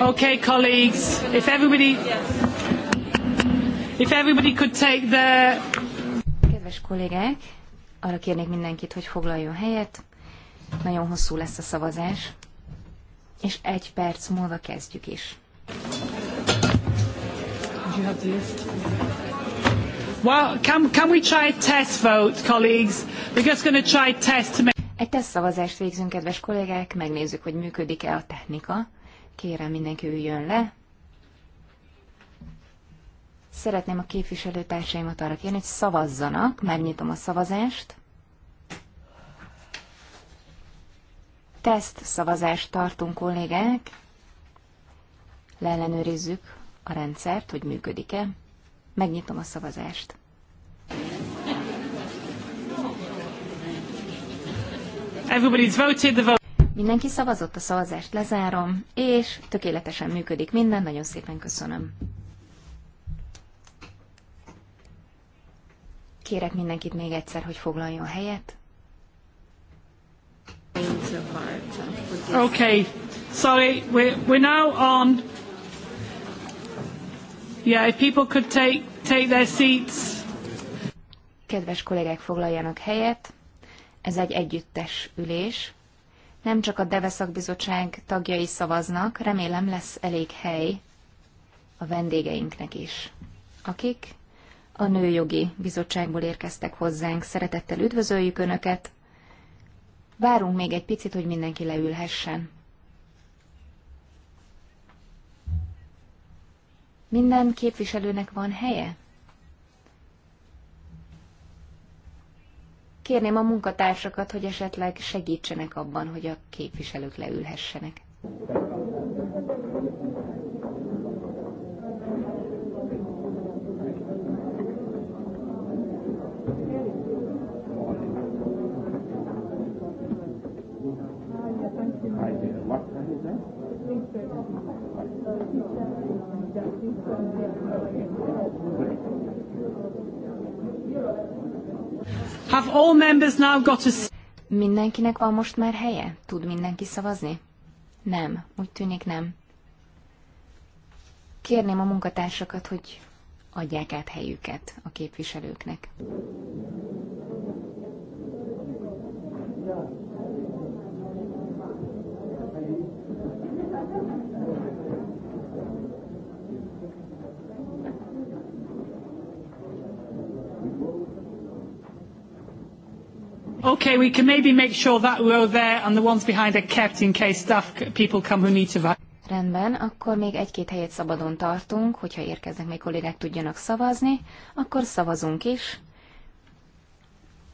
Okay, colleagues, if everybody, if everybody could take the. Kedves kollégák, arra kérnék mindenkit, hogy foglaljon helyet. Nagyon hosszú lesz a szavazás, és egy perc múlva kezdjük is. Well, can, can we try a test vote, colleagues? We're just going to try a test to make... Egy teszt szavazást végzünk, kedves kollégák, megnézzük, hogy működik-e a technika. Kérem, mindenki üljön le. Szeretném a képviselőtársaimat arra kérni, hogy szavazzanak. Megnyitom a szavazást. Teszt szavazást tartunk, kollégák. Leellenőrizzük a rendszert, hogy működik-e. Megnyitom a szavazást. Everybody's voted the vote. Mindenki szavazott, a szavazást lezárom, és tökéletesen működik minden, nagyon szépen köszönöm. Kérek mindenkit még egyszer, hogy foglaljon helyet. Okay, sorry, we're, we're now on. Yeah, if people could take, take their seats. Kedves kollégák, foglaljanak helyet. Ez egy együttes ülés nem csak a Deveszak Bizottság tagjai szavaznak, remélem lesz elég hely a vendégeinknek is, akik a Nőjogi Bizottságból érkeztek hozzánk. Szeretettel üdvözöljük Önöket. Várunk még egy picit, hogy mindenki leülhessen. Minden képviselőnek van helye? kérném a munkatársakat, hogy esetleg segítsenek abban, hogy a képviselők leülhessenek. Thank you. Have all members now got a... Mindenkinek van most már helye? Tud mindenki szavazni? Nem, úgy tűnik nem. Kérném a munkatársakat, hogy adják át helyüket a képviselőknek. Okay, we can maybe make sure that row there and the ones behind are kept in case staff people come who need to vote. Rendben, akkor még egy-két helyet szabadon tartunk, hogyha érkeznek még kollégák tudjanak szavazni, akkor szavazunk is.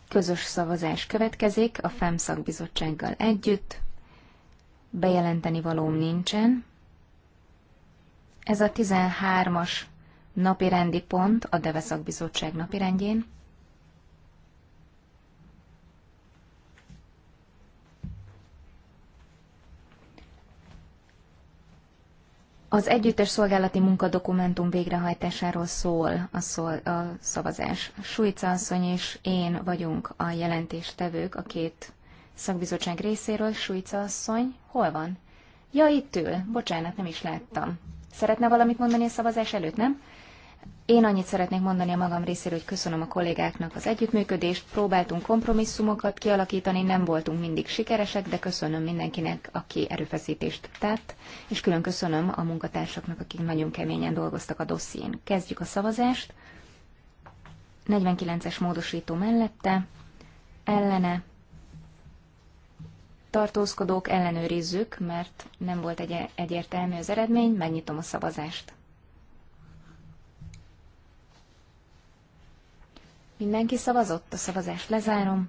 Közös szavazás következik a FEM szakbizottsággal együtt. Bejelenteni valóm nincsen. Ez a 13-as napi rendi pont a Deve szakbizottság napi rendjén. Az együttes szolgálati munkadokumentum végrehajtásáról szól a, szol, a szavazás. Suica asszony és én vagyunk a jelentéstevők a két szakbizottság részéről. Suica asszony, hol van? Ja, itt ül. Bocsánat, nem is láttam. Szeretne valamit mondani a szavazás előtt, nem? Én annyit szeretnék mondani a magam részéről, hogy köszönöm a kollégáknak az együttműködést, próbáltunk kompromisszumokat kialakítani, nem voltunk mindig sikeresek, de köszönöm mindenkinek, aki erőfeszítést tett, és külön köszönöm a munkatársaknak, akik nagyon keményen dolgoztak a dosszín. Kezdjük a szavazást. 49-es módosító mellette, ellene, tartózkodók ellenőrizzük, mert nem volt egy- egyértelmű az eredmény, megnyitom a szavazást. Mindenki szavazott, a szavazást lezárom.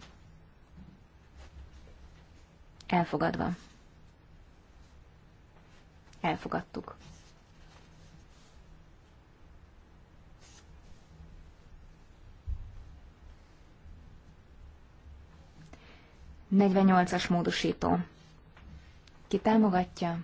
Elfogadva. Elfogadtuk. Negyvennyolcas módosító. Ki támogatja?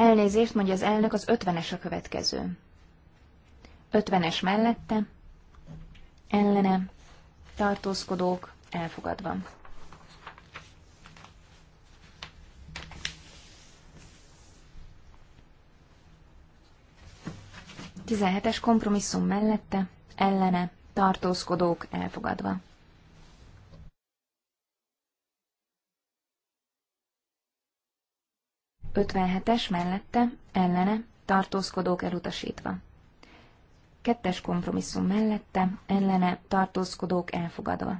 Elnézést, mondja az elnök, az ötvenes a következő. Ötvenes mellette, ellene, tartózkodók, elfogadva. Tizenhetes kompromisszum mellette, ellene, tartózkodók, elfogadva. 57-es mellette, ellene, tartózkodók elutasítva. Kettes kompromisszum mellette, ellene, tartózkodók elfogadva.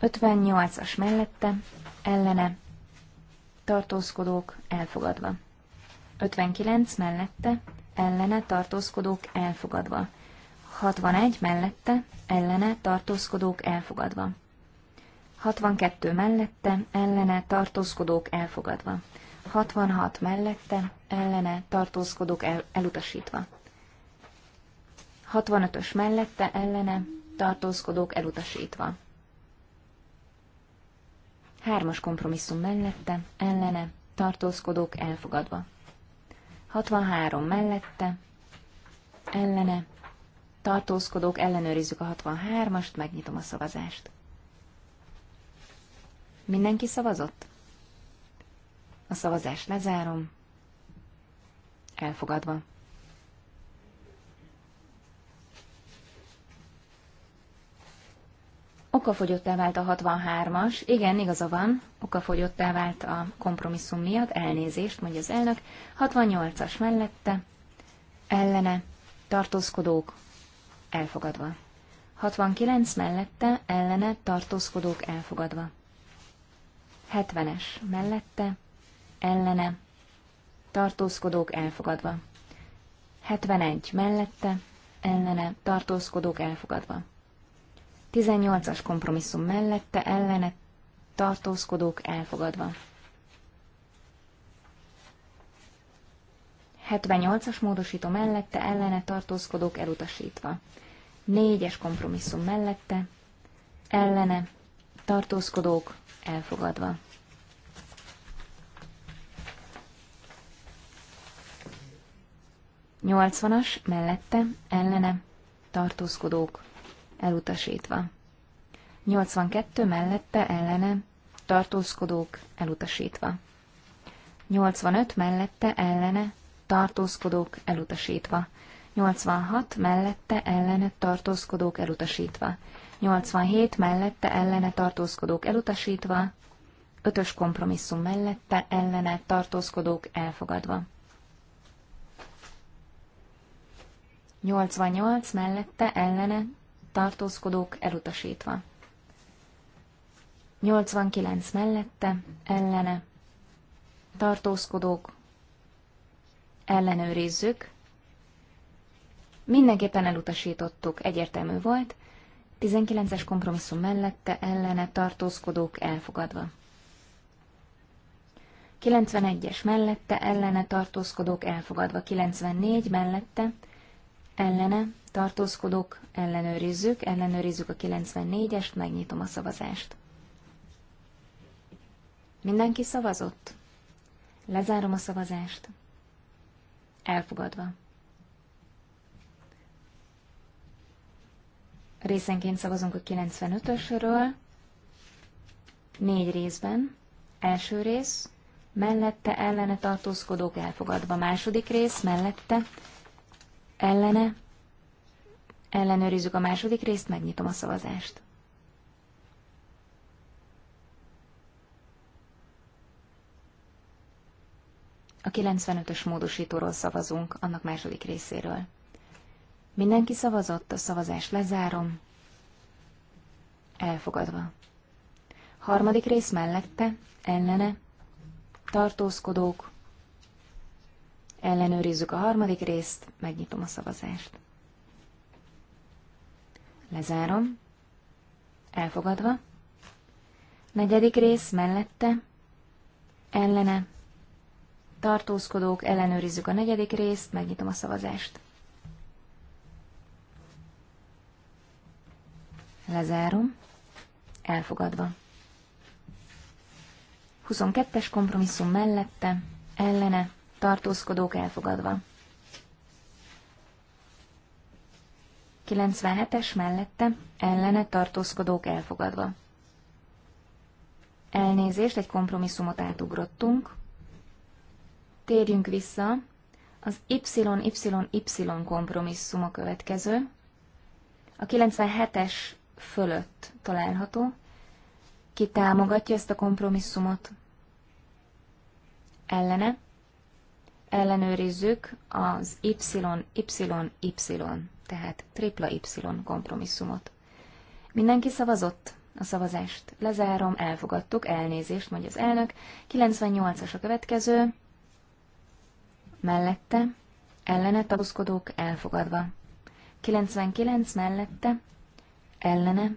58-as mellette, ellene, tartózkodók elfogadva. 59 mellette, ellene, tartózkodók elfogadva. 61 mellette, ellene, tartózkodók elfogadva. 62 mellette, ellene tartózkodók elfogadva. 66 mellette, ellene tartózkodók el, elutasítva. 65-ös mellette, ellene tartózkodók elutasítva. 3-as kompromisszum mellette, ellene tartózkodók elfogadva. 63 mellette, ellene tartózkodók ellenőrizzük a 63-ast, megnyitom a szavazást. Mindenki szavazott? A szavazást lezárom. Elfogadva. Okafogyottá vált a 63-as. Igen, igaza van. Okafogyottá vált a kompromisszum miatt. Elnézést, mondja az elnök. 68-as mellette. Ellene. Tartózkodók. Elfogadva. 69 mellette. Ellene. Tartózkodók. Elfogadva. 70-es mellette, ellene, tartózkodók elfogadva. 71 mellette, ellene, tartózkodók elfogadva. 18-as kompromisszum mellette, ellene, tartózkodók elfogadva. 78-as módosító mellette, ellene, tartózkodók elutasítva. 4-es kompromisszum mellette, ellene, tartózkodók elfogadva. Nyolcvanas mellette ellene tartózkodók elutasítva. 82 mellette ellene tartózkodók elutasítva. 85 mellette ellene tartózkodók elutasítva. 86 mellette ellene tartózkodók elutasítva. 87 mellette ellene tartózkodók elutasítva, 5-ös kompromisszum mellette ellene tartózkodók elfogadva. 88 mellette ellene tartózkodók elutasítva. 89 mellette ellene tartózkodók ellenőrizzük. Mindenképpen elutasítottuk, egyértelmű volt, 19-es kompromisszum mellette ellene tartózkodók elfogadva. 91-es mellette ellene tartózkodók elfogadva. 94 mellette ellene tartózkodók ellenőrizzük. Ellenőrizzük a 94-est, megnyitom a szavazást. Mindenki szavazott? Lezárom a szavazást. Elfogadva. Részenként szavazunk a 95-ösről, négy részben. Első rész, mellette ellene tartózkodók elfogadva. Második rész, mellette ellene. Ellenőrizzük a második részt, megnyitom a szavazást. A 95-ös módosítóról szavazunk, annak második részéről. Mindenki szavazott, a szavazást lezárom. Elfogadva. Harmadik rész mellette, ellene, tartózkodók. Ellenőrizzük a harmadik részt, megnyitom a szavazást. Lezárom. Elfogadva. Negyedik rész mellette, ellene, tartózkodók, ellenőrizzük a negyedik részt, megnyitom a szavazást. Lezárom. Elfogadva. 22-es kompromisszum mellette, ellene, tartózkodók elfogadva. 97-es mellette, ellene, tartózkodók elfogadva. Elnézést, egy kompromisszumot átugrottunk. Térjünk vissza. Az YYY kompromisszum a következő. A 97-es fölött található. Ki támogatja ezt a kompromisszumot? Ellene? Ellenőrizzük az YYY, tehát tripla Y kompromisszumot. Mindenki szavazott? A szavazást lezárom, elfogadtuk, elnézést, mondja az elnök. 98-as a következő, mellette, ellene tartózkodók elfogadva. 99 mellette, ellene.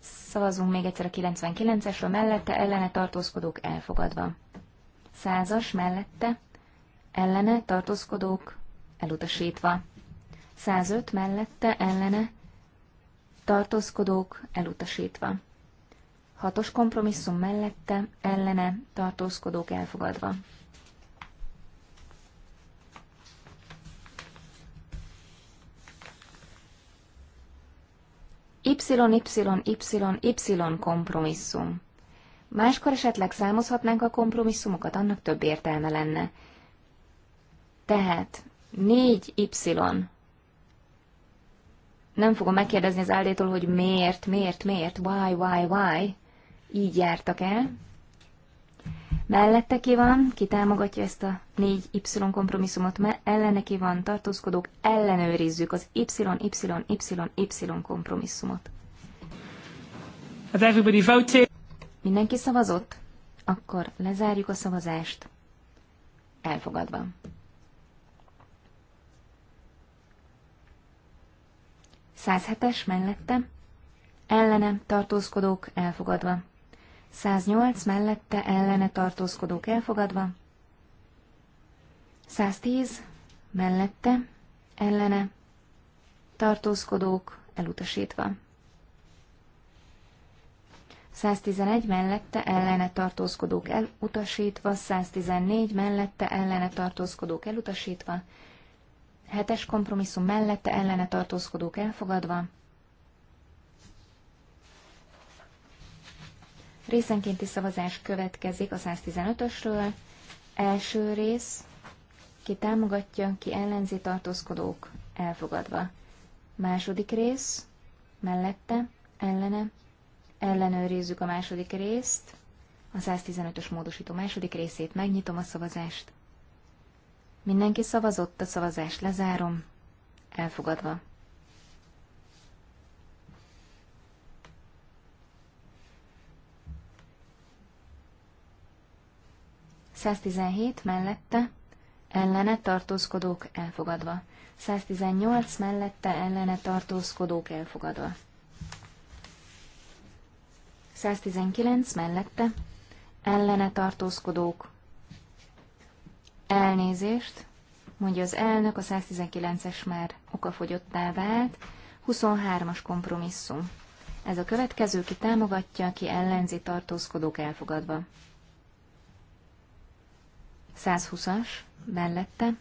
Szavazunk még egyszer a 99-esről, mellette ellene tartózkodók elfogadva. Százas mellette ellene tartózkodók elutasítva. 105 mellette ellene tartózkodók elutasítva. Hatos kompromisszum mellette ellene tartózkodók elfogadva. YYYY kompromisszum. Máskor esetleg számozhatnánk a kompromisszumokat, annak több értelme lenne. Tehát 4Y. Nem fogom megkérdezni az áldétól, hogy miért, miért, miért, why, why, why. Így jártak el mellette ki van, ki támogatja ezt a 4Y kompromisszumot, mert ellene ki van, tartózkodók, ellenőrizzük az YYYY kompromisszumot. Has everybody voted? Mindenki szavazott? Akkor lezárjuk a szavazást. Elfogadva. Százhetes mellette. Ellenem tartózkodók elfogadva. 108 mellette ellene tartózkodók elfogadva, 110 mellette ellene tartózkodók elutasítva. 111 mellette ellene tartózkodók elutasítva, 114 mellette ellene tartózkodók elutasítva, 7-es kompromisszum mellette ellene tartózkodók elfogadva, Részenkénti szavazás következik a 115-ösről. Első rész, ki támogatja, ki ellenzi tartózkodók, elfogadva. Második rész, mellette, ellene, ellenőrizzük a második részt, a 115-ös módosító második részét, megnyitom a szavazást. Mindenki szavazott, a szavazást lezárom, elfogadva. 117 mellette, ellene tartózkodók elfogadva. 118 mellette, ellene tartózkodók elfogadva. 119 mellette, ellene tartózkodók. Elnézést, mondja az elnök, a 119-es már okafogyottá vált, 23-as kompromisszum. Ez a következő, ki támogatja, ki ellenzi tartózkodók elfogadva. 120-as mellette,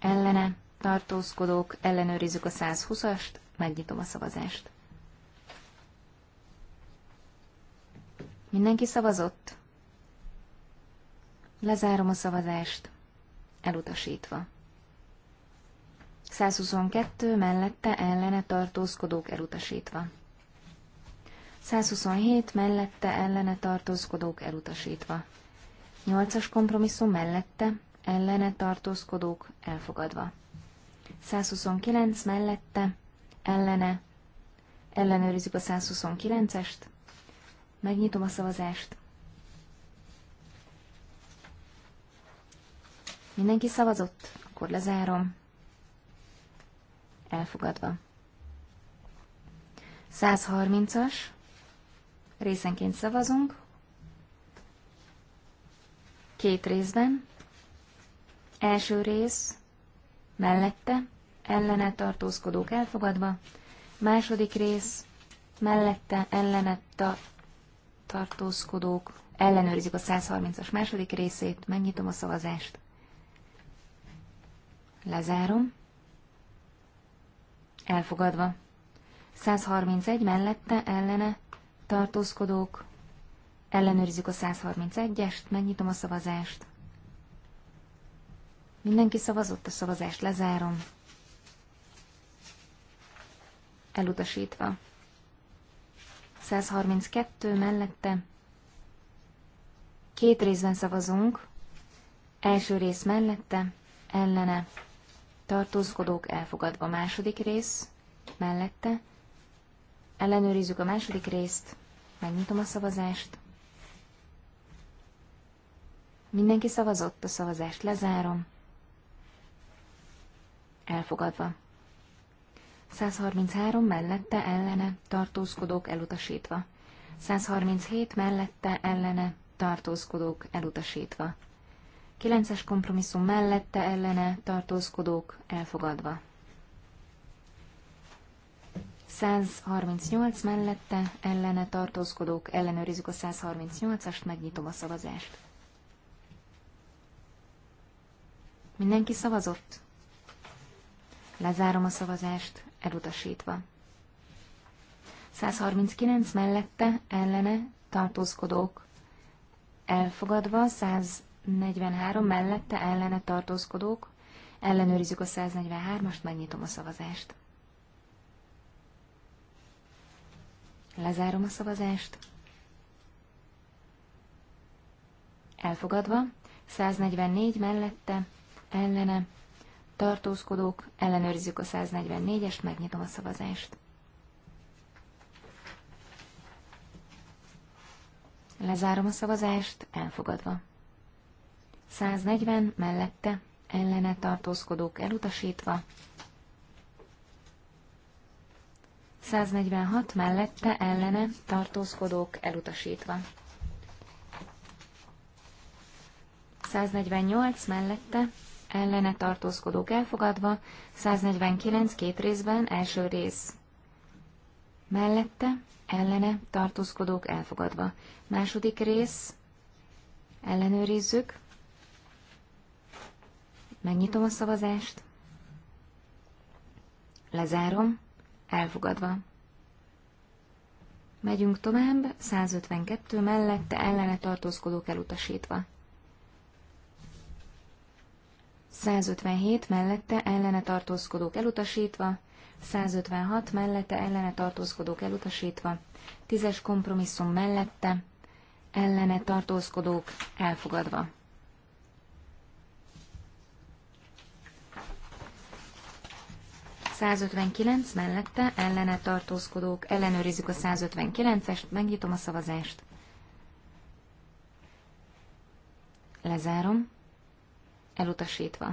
ellene, tartózkodók, ellenőrizzük a 120-ast, megnyitom a szavazást. Mindenki szavazott? Lezárom a szavazást, elutasítva. 122 mellette ellene tartózkodók elutasítva. 127 mellette ellene tartózkodók elutasítva. Nyolcas kompromisszum mellette, ellene tartózkodók elfogadva. 129 mellette, ellene, ellenőrizzük a 129-est, megnyitom a szavazást. Mindenki szavazott? Akkor lezárom. Elfogadva. 130-as. Részenként szavazunk két részben. Első rész mellette, ellene tartózkodók elfogadva. Második rész mellette, ellene ta, tartózkodók. ellenőrizik a 130-as második részét, megnyitom a szavazást. Lezárom. Elfogadva. 131 mellette, ellene tartózkodók Ellenőrizzük a 131-est, megnyitom a szavazást. Mindenki szavazott, a szavazást lezárom. Elutasítva. 132 mellette. Két részben szavazunk. Első rész mellette, ellene. Tartózkodók elfogadva második rész, mellette. Ellenőrizzük a második részt. Megnyitom a szavazást. Mindenki szavazott, a szavazást lezárom. Elfogadva. 133 mellette ellene tartózkodók elutasítva. 137 mellette ellene tartózkodók elutasítva. 9-es kompromisszum mellette ellene tartózkodók elfogadva. 138 mellette ellene tartózkodók ellenőrizzük a 138-ast, megnyitom a szavazást. Mindenki szavazott? Lezárom a szavazást, elutasítva. 139 mellette, ellene, tartózkodók. Elfogadva, 143 mellette, ellene, tartózkodók. Ellenőrizzük a 143-ast, megnyitom a szavazást. Lezárom a szavazást. Elfogadva, 144 mellette, ellene, tartózkodók, ellenőrizzük a 144-est, megnyitom a szavazást. Lezárom a szavazást, elfogadva. 140 mellette, ellene tartózkodók elutasítva. 146 mellette, ellene tartózkodók elutasítva. 148 mellette, ellene tartózkodók elfogadva, 149 két részben, első rész mellette, ellene tartózkodók elfogadva. Második rész, ellenőrizzük, megnyitom a szavazást, lezárom, elfogadva. Megyünk tovább, 152 mellette ellene tartózkodók elutasítva. 157 mellette ellene tartózkodók elutasítva, 156 mellette ellene tartózkodók elutasítva, 10-es kompromisszum mellette ellene tartózkodók elfogadva. ...159 mellette ellene tartózkodók, ellenőrizzük a 159-est, megnyitom a szavazást. Lezárom elutasítva.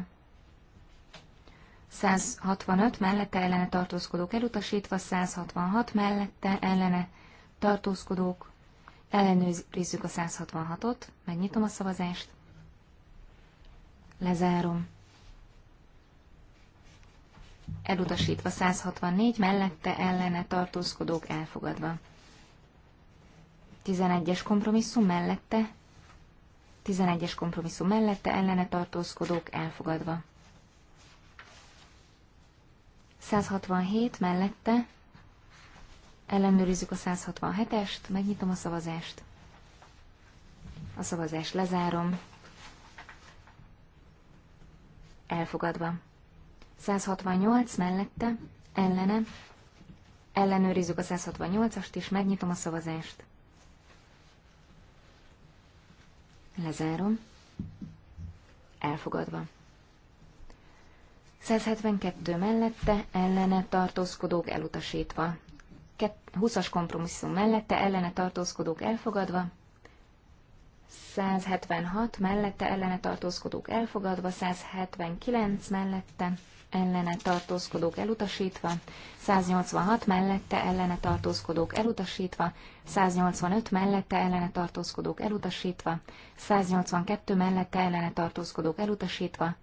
165 mellette ellene tartózkodók elutasítva, 166 mellette ellene tartózkodók, ellenőrizzük a 166-ot, megnyitom a szavazást, lezárom. Elutasítva 164 mellette ellene tartózkodók elfogadva. 11-es kompromisszum mellette 11-es kompromisszum mellette ellene tartózkodók elfogadva. 167 mellette ellenőrizzük a 167-est, megnyitom a szavazást. A szavazást lezárom. Elfogadva. 168 mellette ellene ellenőrizzük a 168-ast és megnyitom a szavazást. Lezárom. Elfogadva. 172 mellette ellene tartózkodók elutasítva. 20-as kompromisszum mellette ellene tartózkodók elfogadva. 176 mellette ellene tartózkodók elfogadva, 179 mellette ellene tartózkodók elutasítva, 186 mellette ellene tartózkodók elutasítva, 185 mellette ellene tartózkodók elutasítva, 182 mellette ellene tartózkodók elutasítva,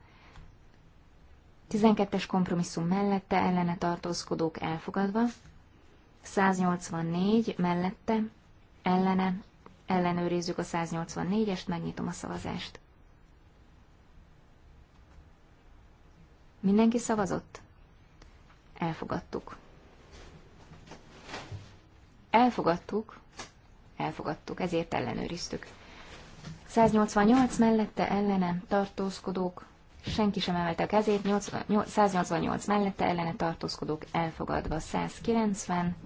12-es kompromisszum mellette ellene tartózkodók elfogadva, 184 mellette ellene Ellenőrizzük a 184-est, megnyitom a szavazást. Mindenki szavazott? Elfogadtuk. Elfogadtuk. Elfogadtuk, ezért ellenőriztük. 188 mellette ellene tartózkodók, senki sem emelte a kezét, 188 mellette ellene tartózkodók elfogadva, 190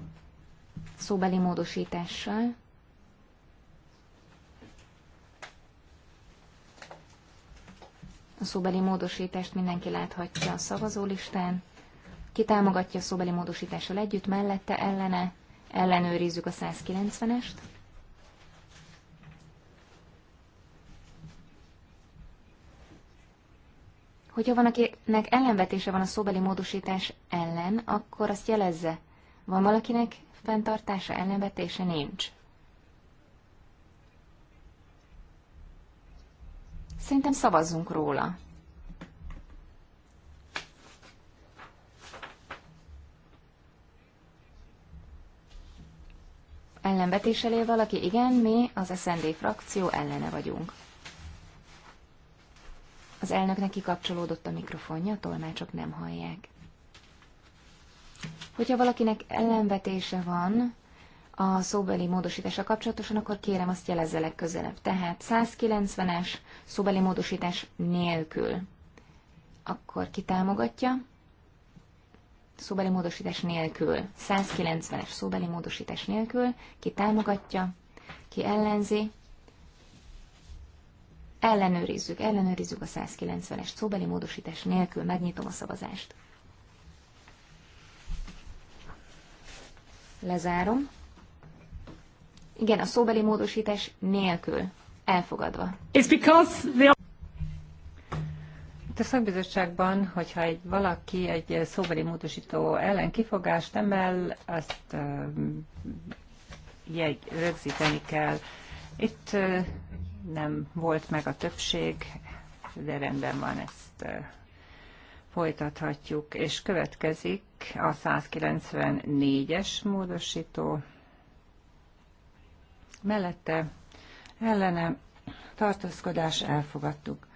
szóbeli módosítással, A szóbeli módosítást mindenki láthatja a szavazólistán. Ki támogatja a szóbeli módosítással együtt, mellette, ellene, ellenőrizzük a 190-est. Hogyha van, akinek ellenvetése van a szóbeli módosítás ellen, akkor azt jelezze. Van valakinek fenntartása, ellenvetése nincs. Szerintem szavazzunk róla. Ellenvetéssel él valaki? Igen, mi az SND frakció ellene vagyunk. Az elnöknek kikapcsolódott a mikrofonja, tolmácsok nem hallják. Hogyha valakinek ellenvetése van, a szóbeli módosítása kapcsolatosan, akkor kérem azt jelezze legközelebb. Tehát 190-es szóbeli módosítás nélkül. Akkor ki támogatja? Szóbeli módosítás nélkül. 190-es szóbeli módosítás nélkül. Ki támogatja? Ki ellenzi? Ellenőrizzük, ellenőrizzük a 190-es szóbeli módosítás nélkül. Megnyitom a szavazást. Lezárom. Igen, a szóbeli módosítás nélkül. Elfogadva. It's because the... Itt a szakbizottságban, hogyha egy valaki egy szóbeli módosító ellen kifogást emel, azt uh, jegy, rögzíteni kell. Itt uh, nem volt meg a többség, de rendben van, ezt uh, folytathatjuk. És következik a 194-es módosító mellette ellene tartózkodás elfogadtuk.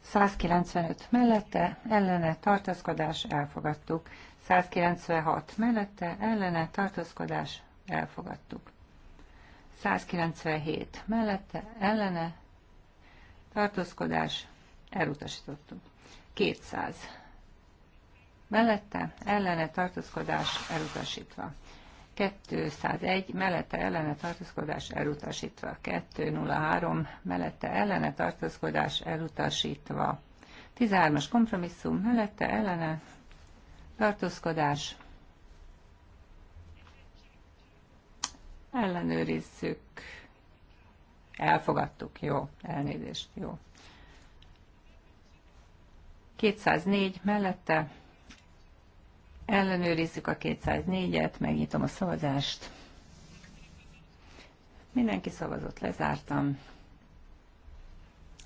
195 mellette ellene tartózkodás elfogadtuk. 196 mellette ellene tartózkodás elfogadtuk. 197 mellette ellene tartózkodás elutasítottuk. 200 mellette ellene tartózkodás elutasítva. 201 mellette ellene tartózkodás elutasítva, 203 mellette ellene tartózkodás elutasítva, 13-as kompromisszum mellette ellene tartózkodás ellenőrizzük, elfogadtuk, jó, elnézést, jó. 204 mellette Ellenőrizzük a 204-et, megnyitom a szavazást. Mindenki szavazott, lezártam.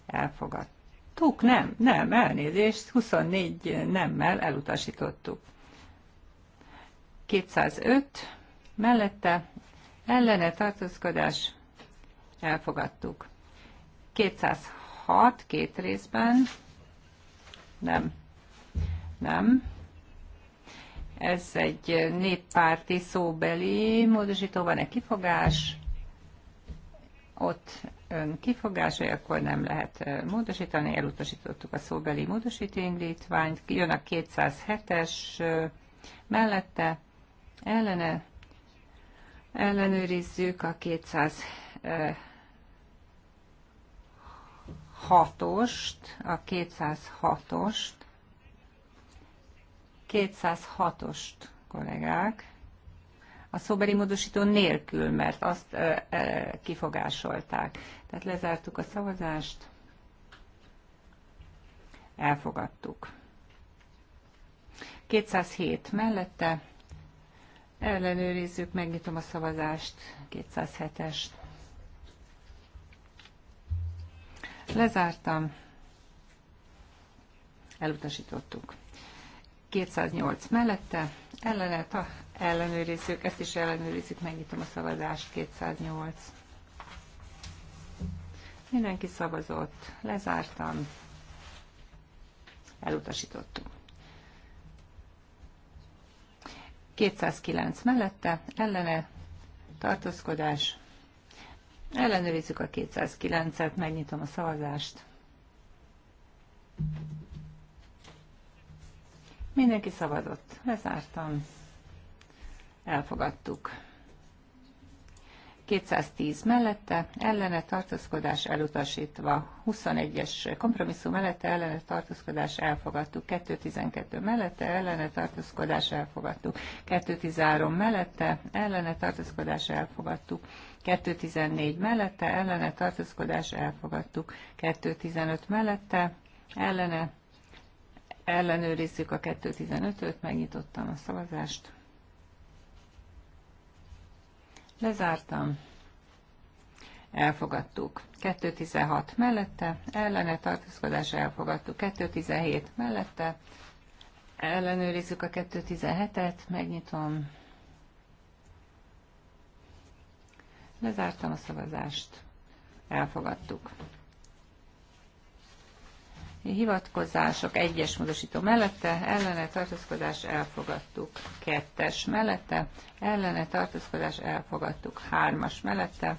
Elfogadtuk. Nem, nem, elnézést, 24 nemmel elutasítottuk. 205 mellette ellene tartózkodás elfogadtuk. 206 két részben nem, nem, ez egy néppárti szóbeli módosító, van-e kifogás? Ott ön kifogás, akkor nem lehet módosítani. Elutasítottuk a szóbeli módosító indítványt. Jön a 207-es mellette, ellene ellenőrizzük a 206-ost, a 206-ost. 206-ost, kollégák, a szóbeli módosító nélkül, mert azt ö, ö, kifogásolták. Tehát lezártuk a szavazást, elfogadtuk. 207 mellette, ellenőrizzük, megnyitom a szavazást, 207-est. Lezártam, elutasítottuk. 208 mellette, ellenet, ha ellenőrizzük, ezt is ellenőrizzük, megnyitom a szavazást, 208. Mindenki szavazott, lezártam, elutasítottuk. 209 mellette, ellene, tartózkodás, ellenőrizzük a 209-et, megnyitom a szavazást. Mindenki szavazott. Lezártam. Elfogadtuk. 210 mellette, ellene tartózkodás elutasítva, 21-es kompromisszum mellette, ellene tartózkodás elfogadtuk, 212 mellette, ellene tartózkodás elfogadtuk, 213 mellette, ellene tartózkodás elfogadtuk, 214 mellette, ellene tartózkodás elfogadtuk, 215 mellette, ellene ellenőrizzük a 2.15-öt, megnyitottam a szavazást. Lezártam. Elfogadtuk. 2.16 mellette, ellene tartózkodás elfogadtuk. 2.17 mellette, ellenőrizzük a 2.17-et, megnyitom. Lezártam a szavazást. Elfogadtuk hivatkozások, egyes módosító mellette, ellene tartózkodás elfogadtuk, kettes mellette, ellene tartózkodás elfogadtuk, hármas mellette.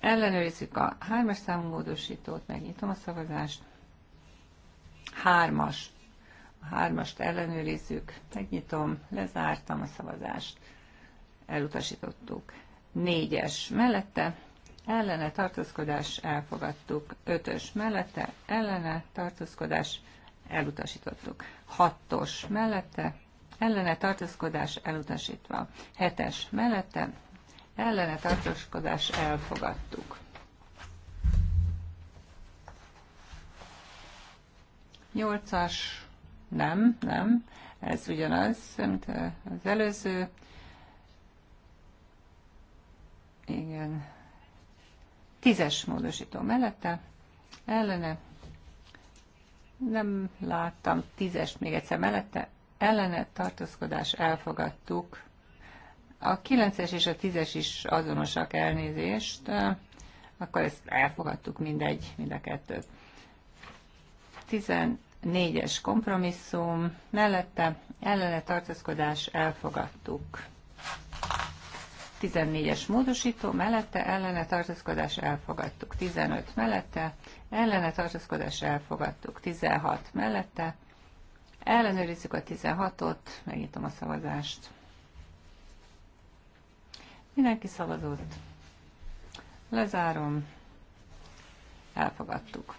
Ellenőrizzük a hármas számú módosítót, megnyitom a szavazást. Hármas. A hármast ellenőrizzük, megnyitom, lezártam a szavazást. Elutasítottuk. Négyes mellette, ellene tartózkodás elfogadtuk. Ötös mellette ellene tartózkodás elutasítottuk. Hatos mellette ellene tartózkodás elutasítva. Hetes mellette ellene tartózkodás elfogadtuk. Nyolcas nem, nem, ez ugyanaz, mint az előző. Igen, Tízes módosító mellette, ellene, nem láttam tízest még egyszer mellette, ellene tartózkodás elfogadtuk. A kilences és a tízes is azonosak elnézést, akkor ezt elfogadtuk mindegy, mind a kettőt. 14-es kompromisszum mellette ellene tartózkodás elfogadtuk. 14-es módosító mellette ellene tartózkodás elfogadtuk. 15 mellette ellene tartózkodás elfogadtuk. 16 mellette ellenőrizzük a 16-ot, megnyitom a szavazást. Mindenki szavazott. Lezárom. Elfogadtuk.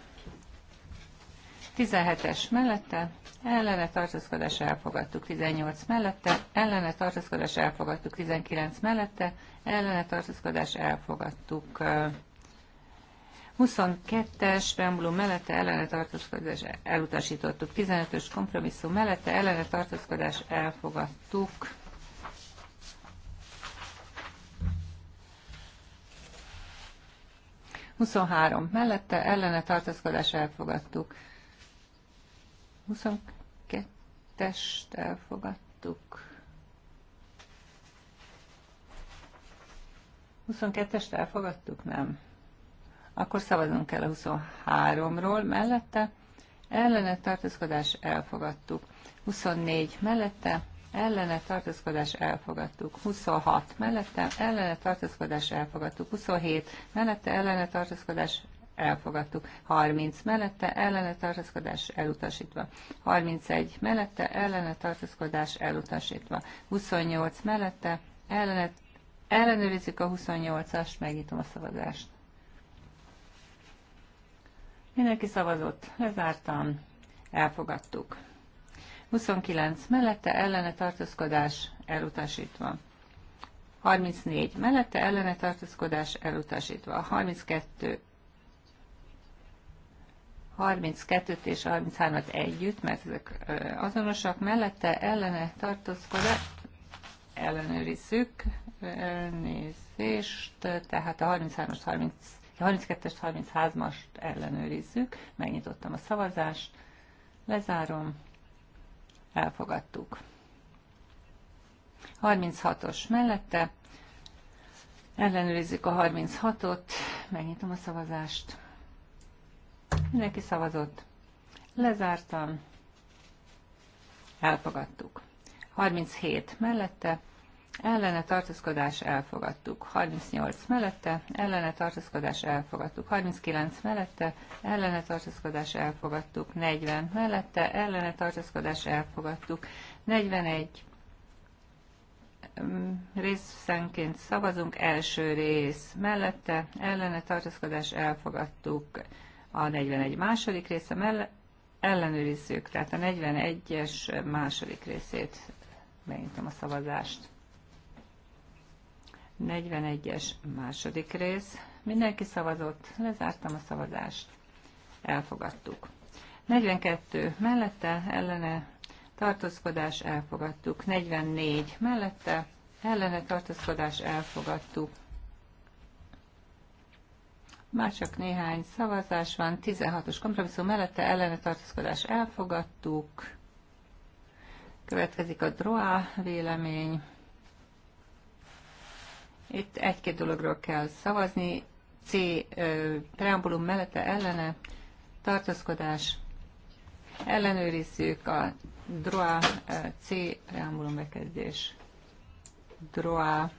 17-es mellette, ellene tartózkodás elfogadtuk 18 mellette, ellene tartózkodás elfogadtuk 19 mellette, ellene tartózkodás elfogadtuk 22-es preambulum mellette ellene tartózkodás elutasítottuk, 15-ös kompromisszum mellette ellene tartózkodás elfogadtuk. Huszonhárom mellette ellene tartózkodás elfogadtuk. 22-est elfogadtuk. 22-est elfogadtuk? Nem. Akkor szavazunk kell a 23-ról mellette. Ellene tartózkodás elfogadtuk. 24 mellette ellene tartózkodás elfogadtuk. 26 mellette ellene tartózkodás elfogadtuk. 27 mellette ellene tartózkodás elfogadtuk. 30 mellette ellene tartozkodás elutasítva. 31 mellette ellene tartozkodás elutasítva. 28 mellette ellene, ellenőrizzük a 28 as megnyitom a szavazást. Mindenki szavazott, lezártam, elfogadtuk. 29 mellette ellene tartózkodás elutasítva. 34 mellette ellene tartózkodás elutasítva. 32 32-t és 33-at együtt, mert ezek azonosak, mellette ellene tartózkodás, ellenőrizzük, elnézést, tehát a 33-as, 32-es, 33-as ellenőrizzük, megnyitottam a szavazást, lezárom, elfogadtuk. 36-os mellette, ellenőrizzük a 36-ot, megnyitom a szavazást, Mindenki szavazott. Lezártam. Elfogadtuk. 37 mellette, ellene tartózkodás elfogadtuk. 38 mellette, ellene tartózkodás elfogadtuk. 39 mellette, ellene tartózkodás elfogadtuk. 40 mellette, ellene tartózkodás elfogadtuk. 41 részenként szavazunk. Első rész mellette, ellene tartózkodás elfogadtuk a 41 második része ellenőrizzük, tehát a 41-es második részét beintem a szavazást. 41-es második rész. Mindenki szavazott, lezártam a szavazást. Elfogadtuk. 42 mellette, ellene tartózkodás elfogadtuk. 44 mellette, ellene tartózkodás elfogadtuk. Már csak néhány szavazás van, 16-os kompromisszum mellette ellene tartózkodás elfogadtuk. Következik a DROA vélemény. Itt egy-két dologról kell szavazni. C preambulum mellette ellene tartózkodás. Ellenőrizzük a DROA C preambulum bekezdés. DROA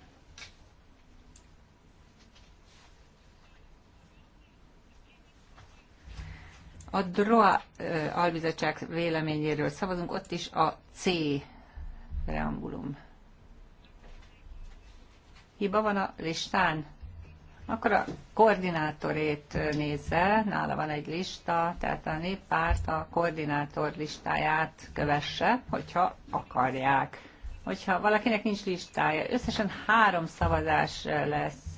A DROA albizottság véleményéről szavazunk, ott is a C preambulum. Hiba van a listán? Akkor a koordinátorét nézze, nála van egy lista, tehát a néppárt a koordinátor listáját kövesse, hogyha akarják. Hogyha valakinek nincs listája, összesen három szavazás lesz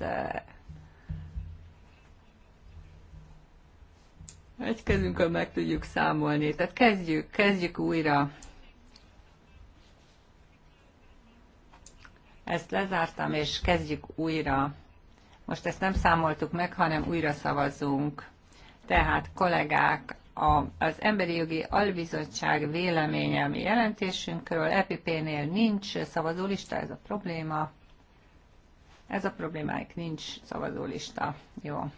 Egy kezünkön meg tudjuk számolni. Tehát kezdjük, kezdjük újra. Ezt lezártam, és kezdjük újra. Most ezt nem számoltuk meg, hanem újra szavazunk. Tehát, kollégák, a, az Emberi Jogi Albizottság véleménye mi jelentésünkről, EPP-nél nincs szavazólista, ez a probléma. Ez a problémáik, nincs szavazólista. Jó.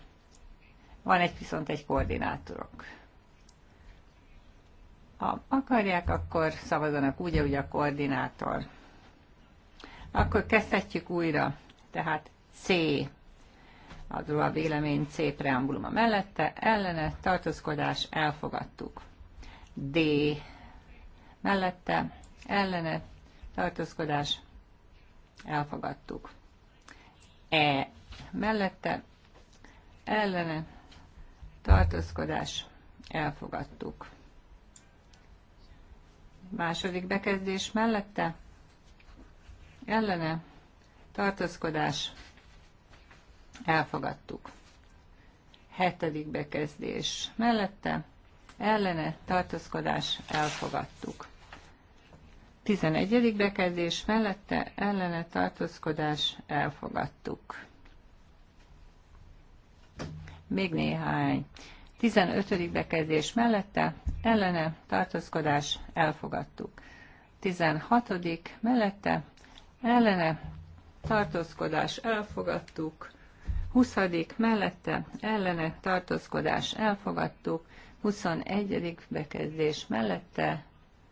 Van egy viszont egy koordinátorok. Ha akarják, akkor szavazanak úgy, ahogy a koordinátor. Akkor kezdhetjük újra. Tehát C. az a vélemény C preambuluma mellette, ellene, tartózkodás, elfogadtuk. D. Mellette, ellene, tartózkodás, elfogadtuk. E mellette, ellene, tartózkodás, elfogadtuk. Második bekezdés mellette, ellene, tartózkodás, elfogadtuk. Hetedik bekezdés mellette, ellene, tartózkodás, elfogadtuk. Tizenegyedik bekezdés mellette, ellene, tartózkodás, elfogadtuk. Még néhány. 15. bekezdés mellette, ellene, tartózkodás, elfogadtuk. 16. mellette, ellene, tartózkodás, elfogadtuk. 20. mellette, ellene, tartózkodás, elfogadtuk. 21. bekezdés mellette,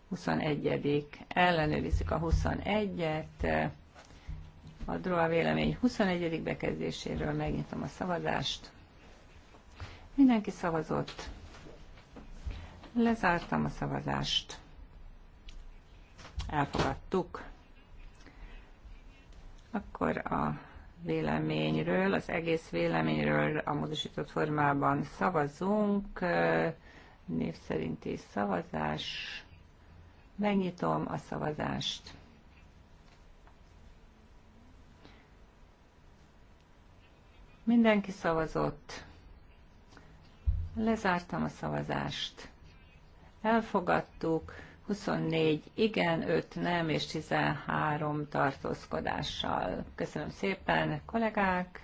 21. ellenőrizzük a 21-et. A DROA vélemény 21. bekezdéséről megnyitom a szavazást. Mindenki szavazott. Lezártam a szavazást. Elfogadtuk. Akkor a véleményről, az egész véleményről a módosított formában szavazunk. Név szerinti szavazás. Megnyitom a szavazást. Mindenki szavazott. Lezártam a szavazást. Elfogadtuk. 24 igen, 5 nem és 13 tartózkodással. Köszönöm szépen, kollégák!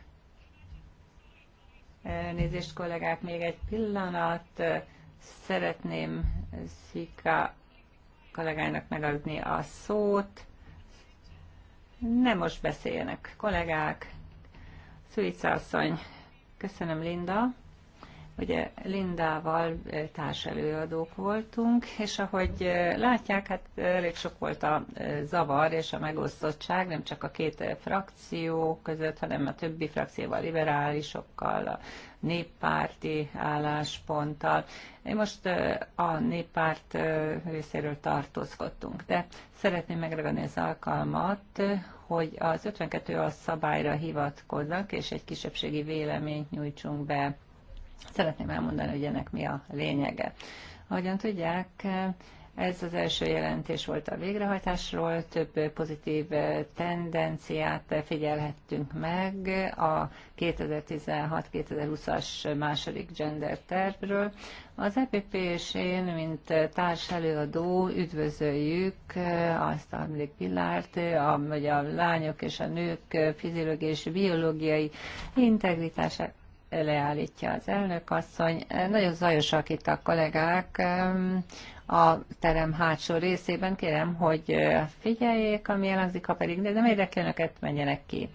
Nézést, kollégák, még egy pillanat. Szeretném Szika kollégának megadni a szót. Nem most beszéljenek, kollégák. Szuica asszony, köszönöm, Linda. Ugye Lindával eh, társelőadók voltunk, és ahogy eh, látják, hát eh, elég sok volt a zavar és a megosztottság, nem csak a két frakció között, hanem a többi frakcióval, liberálisokkal, a néppárti állásponttal. Most a néppárt részéről tartózkodtunk, de szeretném megragadni az alkalmat, hogy az 52 a szabályra hivatkoznak, és egy kisebbségi véleményt nyújtsunk be Szeretném elmondani, hogy ennek mi a lényege. Ahogyan tudják, ez az első jelentés volt a végrehajtásról, több pozitív tendenciát figyelhettünk meg a 2016-2020-as második gender tervről. Az EPP és én, mint társ előadó üdvözöljük azt a emlék pillárt, hogy a lányok és a nők fiziológiai és biológiai integritását leállítja az elnök asszony. Nagyon zajosak itt a kollégák a terem hátsó részében. Kérem, hogy figyeljék, ami jelenzik, ha pedig de nem érdekli önöket, menjenek ki.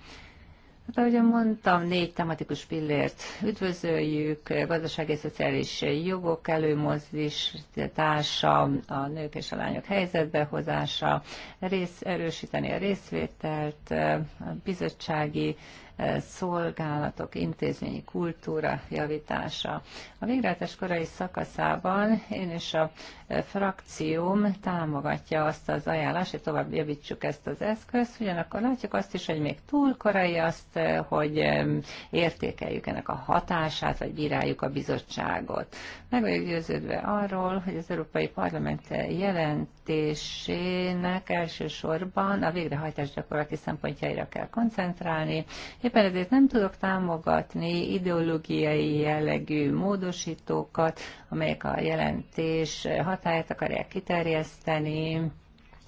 Hát ahogy mondtam, négy tematikus pillért üdvözöljük, gazdasági és szociális jogok előmozdítása, a nők és a lányok helyzetbehozása, rész, erősíteni a részvételt, a bizottsági szolgálatok, intézményi kultúra javítása. A végrehajtás korai szakaszában én és a frakcióm támogatja azt az ajánlást, hogy tovább javítsuk ezt az eszközt, ugyanakkor látjuk azt is, hogy még túl korai azt, hogy értékeljük ennek a hatását, vagy bíráljuk a bizottságot. Meg vagyok győződve arról, hogy az Európai Parlament jelentésének elsősorban a végrehajtás gyakorlati szempontjaira kell koncentrálni, Éppen ezért nem tudok támogatni ideológiai jellegű módosítókat, amelyek a jelentés hatáját akarják kiterjeszteni,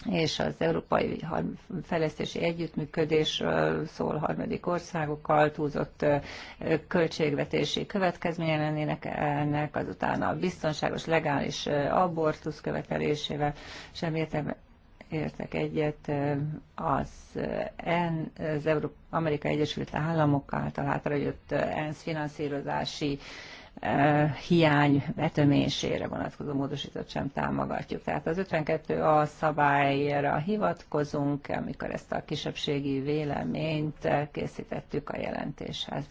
és az európai fejlesztési együttműködés szól harmadik országokkal, túlzott költségvetési következménye lennének ennek, azután a biztonságos legális abortusz követelésével sem értem értek egyet az, en, az Európa, Amerika Egyesült Államok által jött ENSZ finanszírozási hiány vetömésére vonatkozó módosított sem támogatjuk. Tehát az 52A szabályra hivatkozunk, amikor ezt a kisebbségi véleményt készítettük a jelentéshez.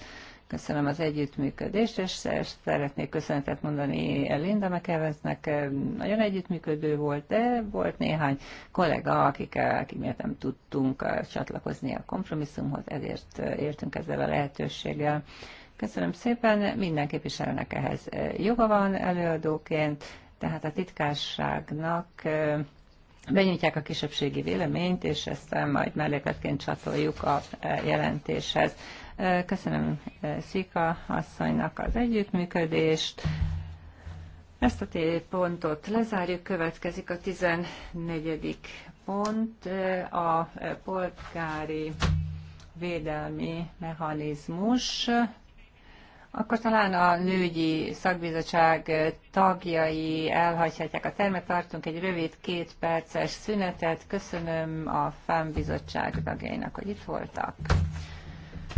Köszönöm az együttműködést, és szeretnék köszönetet mondani Linda McEvansnek. Nagyon együttműködő volt, de volt néhány kollega, akik, akik miatt nem tudtunk eh, csatlakozni a kompromisszumhoz, ezért eh, értünk ezzel a lehetőséggel. Köszönöm szépen, minden képviselőnek ehhez eh, joga van előadóként, tehát a titkárságnak benyújtják a kisebbségi véleményt, és ezt majd mellékletként csatoljuk a jelentéshez. Köszönöm Szika asszonynak az együttműködést. Ezt a pontot lezárjuk, következik a 14. pont, a polgári védelmi mechanizmus. Akkor talán a nőgyi szakbizottság tagjai elhagyhatják a termet. Tartunk egy rövid két perces szünetet. Köszönöm a FAM tagjainak, hogy itt voltak.